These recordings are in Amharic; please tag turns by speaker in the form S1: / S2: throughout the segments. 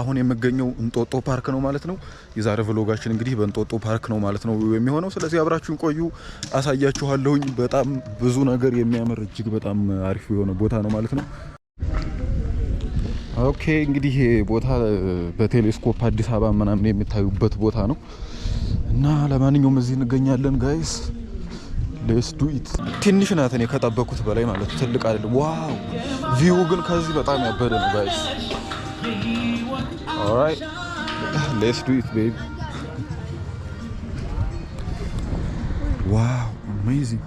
S1: አሁን የምገኘው እንጦጦ ፓርክ ነው ማለት ነው። የዛሬ ቭሎጋችን እንግዲህ በእንጦጦ ፓርክ ነው ማለት ነው የሚሆነው። ስለዚህ አብራችሁን ቆዩ፣ አሳያችኋለሁኝ። በጣም ብዙ ነገር የሚያምር እጅግ በጣም አሪፍ የሆነ ቦታ ነው ማለት ነው። ኦኬ እንግዲህ ቦታ በቴሌስኮፕ አዲስ አበባ ምናምን የሚታዩበት ቦታ ነው እና ለማንኛውም እዚህ እንገኛለን ጋይስ ሌስ ትንሽ ናት፣ እኔ ከጠበኩት በላይ ማለት ትልቅ አይደለም። ዋው ቪው ግን ከዚህ በጣም ያበደ ነው ጋይስ All right, let's do it, baby. ዋው አሜዚንግ!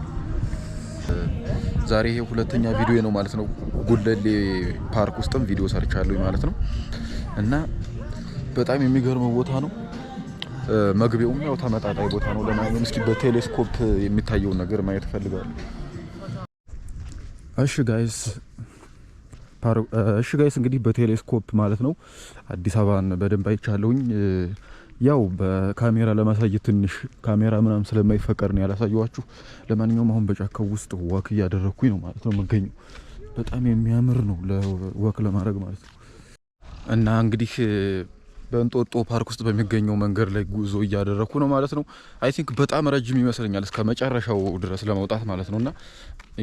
S1: ዛሬ ይሄ ሁለተኛ ቪዲዮ ነው ማለት ነው። ጉለሌ ፓርክ ውስጥም ቪዲዮ ሰርቻለሁ ማለት ነው እና በጣም የሚገርመው ቦታ ነው። መግቢያውም ያው ተመጣጣኝ ቦታ ነው ለማየት። እስኪ በቴሌስኮፕ የሚታየውን ነገር ማየት እፈልጋለሁ። እሺ ጋይስ እሺ ጋይስ እንግዲህ በቴሌስኮፕ ማለት ነው አዲስ አበባን በደንብ አይቻለሁኝ። ያው በካሜራ ለማሳየት ትንሽ ካሜራ ምናምን ስለማይፈቀድ ነው ያላሳየዋችሁ። ለማንኛውም አሁን በጫካው ውስጥ ወክ እያደረግኩኝ ነው ማለት ነው የምገኘው። በጣም የሚያምር ነው ለወክ ለማድረግ ማለት ነው። እና እንግዲህ በእንጦጦ ፓርክ ውስጥ በሚገኘው መንገድ ላይ ጉዞ እያደረግኩ ነው ማለት ነው። አይ ቲንክ በጣም ረጅም ይመስለኛል እስከ መጨረሻው ድረስ ለመውጣት ማለት ነው። እና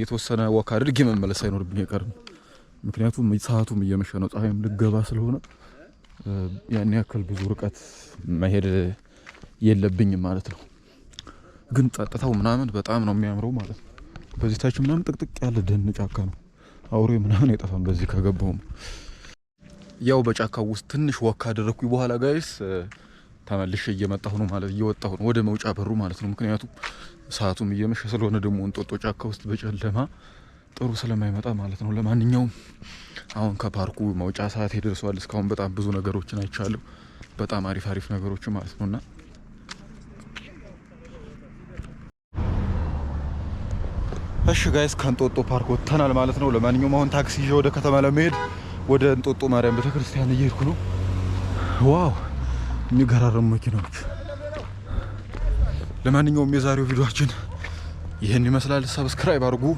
S1: የተወሰነ ወክ አድርጌ መመለስ አይኖርብኝ የቀርም ምክንያቱም ሰዓቱም እየመሸ ነው፣ ፀሐይም ልገባ ስለሆነ ያን ያክል ብዙ ርቀት መሄድ የለብኝም ማለት ነው። ግን ጸጥታው ምናምን በጣም ነው የሚያምረው ማለት ነው። በዚህ ታች ምናምን ጥቅጥቅ ያለ ደን ጫካ ነው። አውሬ ምናምን አይጠፋም በዚህ ከገባውም። ያው በጫካው ውስጥ ትንሽ ወካ አደረግኩኝ በኋላ ጋይስ ተመልሽ እየመጣሁ ነው ማለት እየወጣሁ ነው ወደ መውጫ በሩ ማለት ነው። ምክንያቱም ሰዓቱም እየመሸ ስለሆነ ደግሞ እንጦጦ ጫካ ውስጥ በጨለማ ጥሩ ስለማይመጣ ማለት ነው። ለማንኛውም አሁን ከፓርኩ መውጫ ሰዓት ደርሰዋል። እስካሁን በጣም ብዙ ነገሮችን አይቻለሁ። በጣም አሪፍ አሪፍ ነገሮች ማለት ነውና እሺ ጋይስ ከእንጦጦ ፓርክ ወጥተናል ማለት ነው። ለማንኛውም አሁን ታክሲ ይዤ ወደ ከተማ ለመሄድ ወደ እንጦጦ ማርያም ቤተክርስቲያን እየሄድኩ ነው። ዋው የሚገራረሙ መኪናዎች። ለማንኛውም የዛሬው ቪዲዮችን ይህን ይመስላል። ሰብስክራይብ አድርጉ።